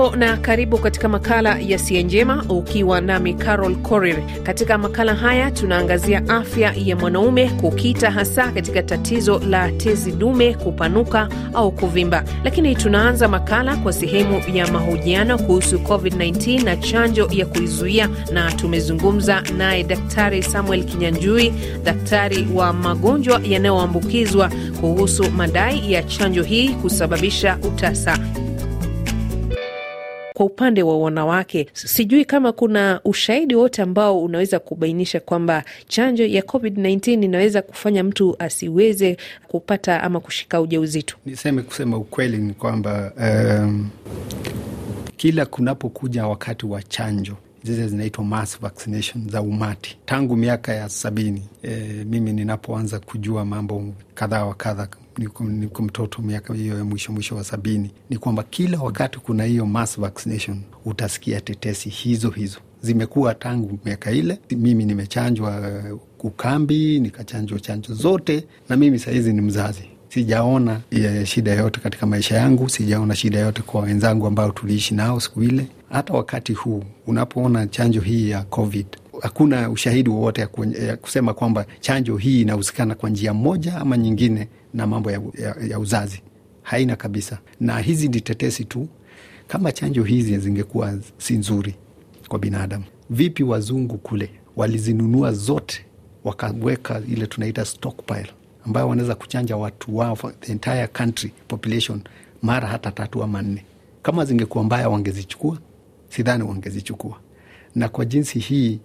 Hujambo na karibu katika makala ya Siha Njema, ukiwa nami Carol Korir. Katika makala haya tunaangazia afya ya mwanaume kukita, hasa katika tatizo la tezi dume kupanuka au kuvimba. Lakini tunaanza makala kwa sehemu ya mahojiano kuhusu COVID-19 na chanjo ya kuizuia, na tumezungumza naye Daktari Samuel Kinyanjui, daktari wa magonjwa yanayoambukizwa, kuhusu madai ya chanjo hii kusababisha utasa kwa upande wa wanawake, sijui kama kuna ushahidi wote ambao unaweza kubainisha kwamba chanjo ya COVID-19 inaweza kufanya mtu asiweze kupata ama kushika ujauzito. Niseme kusema ukweli ni kwamba um, kila kunapokuja wakati wa chanjo zile zinaitwa mass vaccination za umati tangu miaka ya sabini. E, mimi ninapoanza kujua mambo kadha wa kadha niko mtoto miaka hiyo ya mwisho mwisho wa sabini, ni kwamba kila wakati kuna hiyo mass vaccination utasikia tetesi hizo hizo zimekuwa tangu miaka ile. Mimi nimechanjwa uh, ukambi, nikachanjwa chanjo zote, na mimi sahizi ni mzazi sijaona ya shida yoyote katika maisha yangu, sijaona shida yoyote kwa wenzangu ambao tuliishi nao siku ile. Hata wakati huu unapoona chanjo hii ya COVID hakuna ushahidi wowote ya kusema kwamba chanjo hii inahusikana kwa njia moja ama nyingine na mambo ya, ya, ya uzazi. Haina kabisa, na hizi ni tetesi tu. Kama chanjo hizi zingekuwa si nzuri kwa binadamu, vipi wazungu kule walizinunua zote wakaweka ile tunaita stockpile ambayo wanaweza kuchanja watu wao the entire country population mara hata tatu ama nne. Kama zingekuwa mbaya wangezichukua? Sidhani wangezichukua. Na kwa jinsi hii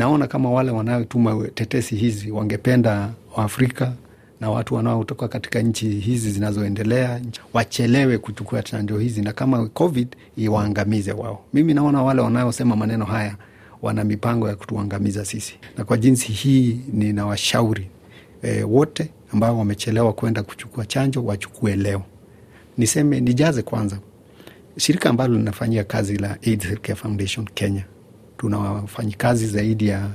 naona kama wale wanaotuma tetesi hizi wangependa Waafrika na watu wanaotoka katika nchi hizi zinazoendelea wachelewe kuchukua chanjo hizi, na kama COVID iwaangamize wao. Mimi naona wale wanaosema maneno haya wana mipango ya kutuangamiza sisi, na kwa jinsi hii ninawashauri e, wote ambao wamechelewa kwenda kuchukua chanjo wachukue leo. Niseme nijaze kwanza shirika ambalo linafanyia kazi la AIDS Healthcare Foundation Kenya tuna wafanyikazi zaidi ya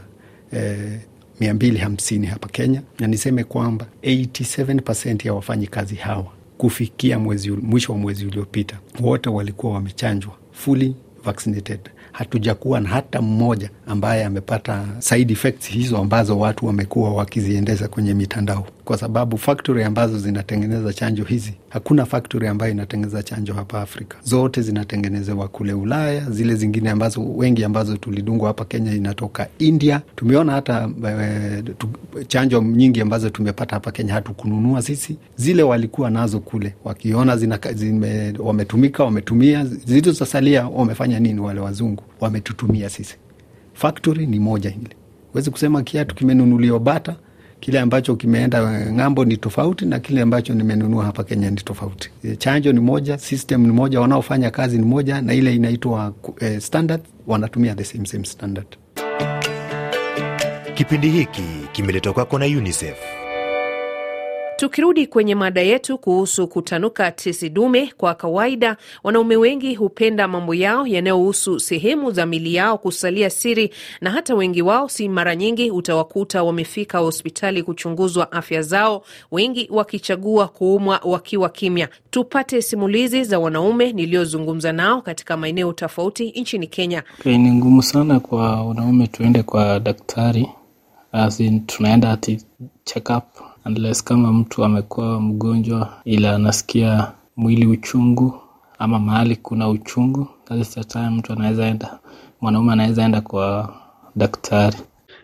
eh, 250 hapa Kenya, na niseme kwamba 87% ya wafanyikazi hawa kufikia mwezi, mwisho wa mwezi uliopita wote walikuwa wamechanjwa fully vaccinated. Hatujakuwa na hata mmoja ambaye amepata side effects hizo ambazo watu wamekuwa wakiziendeza kwenye mitandao kwa sababu faktori ambazo zinatengeneza chanjo hizi, hakuna faktori ambayo inatengeneza chanjo hapa Afrika. Zote zinatengenezewa kule Ulaya, zile zingine ambazo wengi ambazo tulidungwa hapa Kenya inatoka India. Tumeona hata e, tu, chanjo nyingi ambazo tumepata hapa Kenya hatukununua sisi, zile walikuwa nazo kule, wakiona zina, zime, wametumika, wametumia zilizosalia, wamefanya nini? Wale wazungu wametutumia sisi. Faktori ni moja hili, huwezi kusema kiatu kimenunuliwa Bata kile ambacho kimeenda ng'ambo ni tofauti na kile ambacho nimenunua hapa Kenya ni tofauti. E, chanjo ni moja, system ni moja, wanaofanya kazi ni moja, na ile inaitwa eh, standard wanatumia the same, same standard. Kipindi hiki kimeletwa kwako na UNICEF. Tukirudi kwenye mada yetu kuhusu kutanuka tezi dume, kwa kawaida wanaume wengi hupenda mambo yao yanayohusu sehemu za mili yao kusalia siri, na hata wengi wao, si mara nyingi, utawakuta wamefika hospitali kuchunguzwa afya zao, wengi wakichagua kuumwa wakiwa kimya. Tupate simulizi za wanaume niliyozungumza nao katika maeneo tofauti nchini Kenya. Okay, ni ngumu sana kwa wanaume tuende kwa daktari, as in tunaenda ati check up unless kama mtu amekuwa mgonjwa ila anasikia mwili uchungu ama mahali kuna uchungu that time mtu anaweza enda mwanaume anaweza enda kwa daktari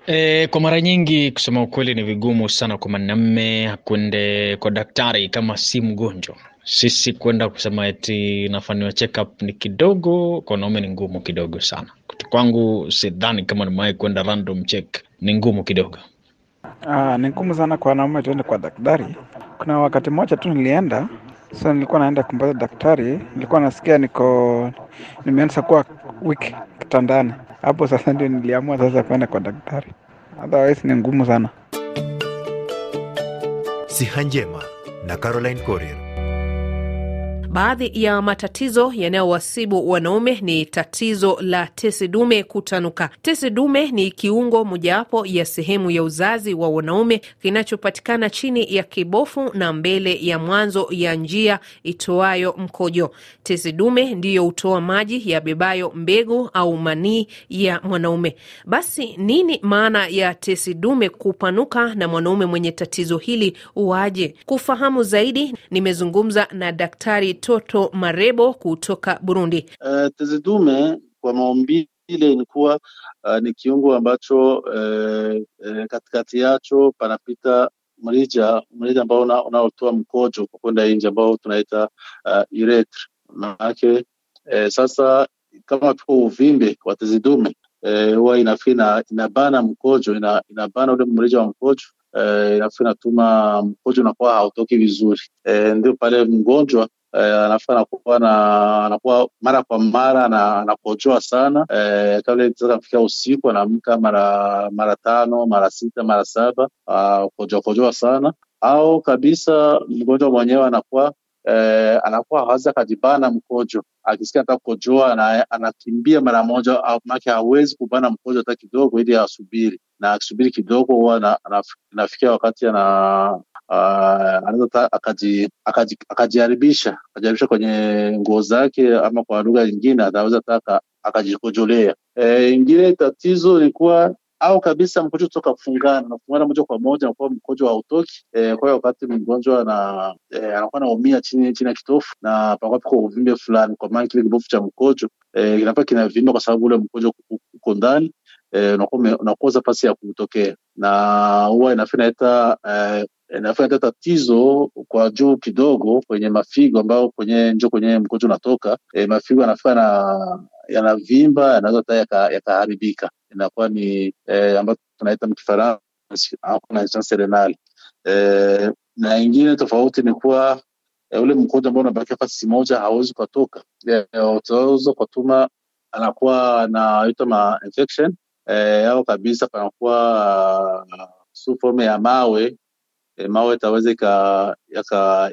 E, kwa mara nyingi kusema ukweli ni vigumu sana kwa mwanamme kwende kwa daktari kama si mgonjwa sisi kwenda kusema eti nafanyiwa checkup ni kidogo kwa wanaume ni ngumu kidogo sana kwangu sidhani kama nimewahi kwenda random check ni ngumu kidogo Ah, ni ngumu sana kwa wanaume tuende kwa daktari. Kuna wakati mmoja tu nilienda, so nilikuwa naenda kumpata daktari, nilikuwa nasikia niko nimeanza kuwa weak kitandani. Hapo sasa ndio niliamua sasa kwenda kwa daktari, otherwise ni ngumu sana. Siha Njema na Caroline Corrier Baadhi ya matatizo yanayowasibu wanaume ni tatizo la tesi dume kutanuka. Tesi dume ni kiungo mojawapo ya sehemu ya uzazi wa wanaume kinachopatikana chini ya kibofu na mbele ya mwanzo ya njia itoayo mkojo. Tesi dume ndiyo hutoa maji yabebayo mbegu au manii ya mwanaume. Basi nini maana ya tesi dume kupanuka na mwanaume mwenye tatizo hili uwaje? Kufahamu zaidi, nimezungumza na Daktari Toto Marebo kutoka Burundi. Uh, eh, tezidume kwa maumbile ni kuwa uh, eh, ni kiungo ambacho uh, uh, katikati yacho panapita mrija mrija ambao unaotoa mkojo kwa kwenda nje ambao tunaita uh, urethra. manake. eh, sasa kama tuko uvimbe wa tezidume eh, huwa inafina inabana mkojo ina, inabana ule mrija wa mkojo eh, inafina tuma mkojo unakuwa hautoki vizuri eh, ndio pale mgonjwa eh, anakuwa na anakuwa mara kwa mara na anakojoa sana eh, kabla sasa kufikia usiku anaamka mara mara tano mara sita mara saba ah, kojoa sana, au kabisa mgonjwa mwenyewe anakuwa eh, anakuwa hawezi akajibana mkojo, akisikia anataka kukojoa ana, anakimbia mara moja, make hawezi kubana mkojo hata kidogo, ili asubiri na akisubiri kidogo huwa anafikia wakati ana uh, anaweza akajiharibisha akaji, akaji akajiharibisha kwenye nguo zake, ama kwa lugha nyingine anaweza taka akajikojolea. E, ingine tatizo ilikuwa au kabisa mkojo toka kufungana na kufungana moja kwa moja nakuwa mkojo hautoki. E, kwa hiyo wakati mgonjwa na e, eh, anakuwa anaumia chini chini ya kitofu na pakuwa piko uvimbe fulani, kwa maana kile kibofu cha mkojo e, kinakuwa kinavimba kwa sababu ule mkojo uko ndani e, unakoza pasi ya kutokea na huwa inafaa inaleta e, inafanya eh, hata tatizo kwa juu kidogo kwenye mafigo, ambao kwenye njo kwenye mgonjwa unatoka e, mafigo yanafaa na yanavimba, yanaweza ta yakaharibika, yaka inakuwa ni e, eh, ambao tunaita mkifaransa e, na ingine tofauti ni kuwa e, ule mgonjwa ambao unabakia fasi moja hawezi ukatoka, utaweza ukatuma anakuwa anaitwa ma infection e, yao kabisa panakuwa uh, su ya mawe e, mawe yataweza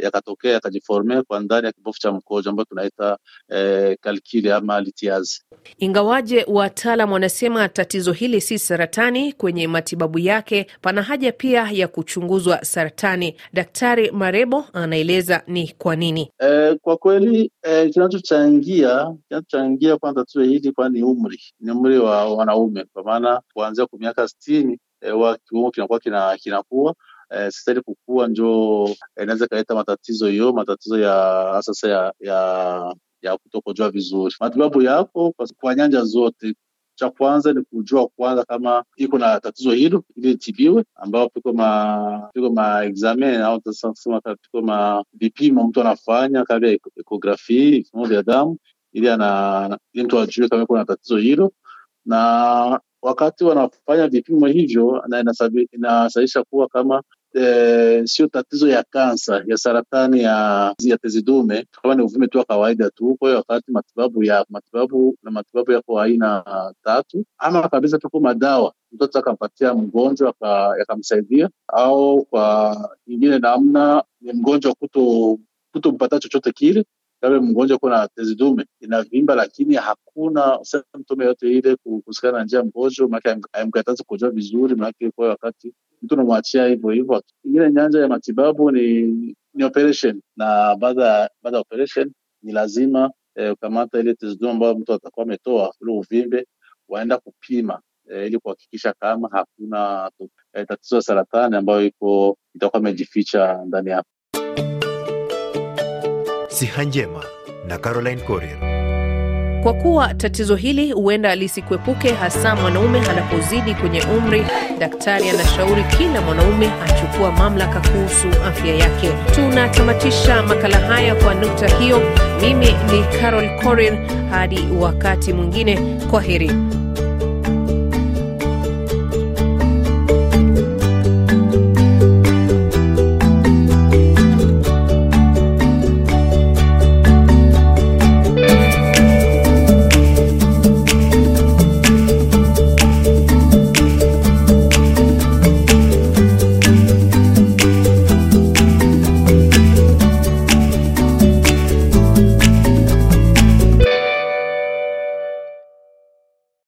yakatokea yakajiformea kwa ndani ya kibofu cha mkojo ambayo tunaita e, kalkili ama litiaz. Ingawaje wataalam wanasema tatizo hili si saratani, kwenye matibabu yake pana haja pia ya kuchunguzwa saratani. Daktari Marebo anaeleza ni kwa nini. E, kwa kweli e, kinachochangia kinachochangia kwa tatizo hili kwa ni umri, ni umri wa wanaume, kwa maana kuanzia kwa miaka sitini e, kiungo kinakuwa kinakuwa eh, sistahili kukua, njo eh, inaweza eh, ikaleta matatizo hiyo, matatizo ya hasa ya, ya, ya kutokojua vizuri. Matibabu yako kwa nyanja zote cha kwanza ni kujua kwanza kama iko na tatizo hilo ili itibiwe, ambao piko ma piko ma examen au tasema piko ma vipimo mtu anafanya kabla ya ekografia, vipimo vya damu ili ana ili mtu ajue kama iko na tatizo hilo, na wakati wanafanya vipimo hivyo na inasababisha kuwa kama e, sio tatizo ya kansa ya saratani ya, ya tezi dume, kama ni uvume tu wa kawaida tu. Kwa hiyo wakati matibabu ya matibabu na matibabu yako aina tatu, ama kabisa tuko madawa mtoto akampatia mgonjwa yakamsaidia, au kwa nyingine namna ni mgonjwa kuto kutompata chochote kile kama yaani mgonjwa kuwa na tezi dume inavimba, lakini hakuna symptom yote ile kuhusikana na njia mkojo, maana haimkatazi kujua vizuri, maana kwa wakati mtu unamwachia hivyo hivyo. Ingine nyanja ya matibabu ni, ni operation, na baada ya operation ni lazima eh, ukamata ile tezi dume ambayo mtu atakuwa ametoa ule uvimbe, waenda kupima eh, ili kuhakikisha kama hakuna eh, tatizo la saratani ambayo iko itakuwa imejificha ndani yako. Siha Njema na Caroline Corrier. Kwa kuwa tatizo hili huenda lisikuepuke, hasa mwanaume anapozidi kwenye umri, daktari anashauri kila mwanaume achukua mamlaka kuhusu afya yake. Tunatamatisha makala haya kwa nukta hiyo. Mimi ni Carol Korir, hadi wakati mwingine, kwa heri.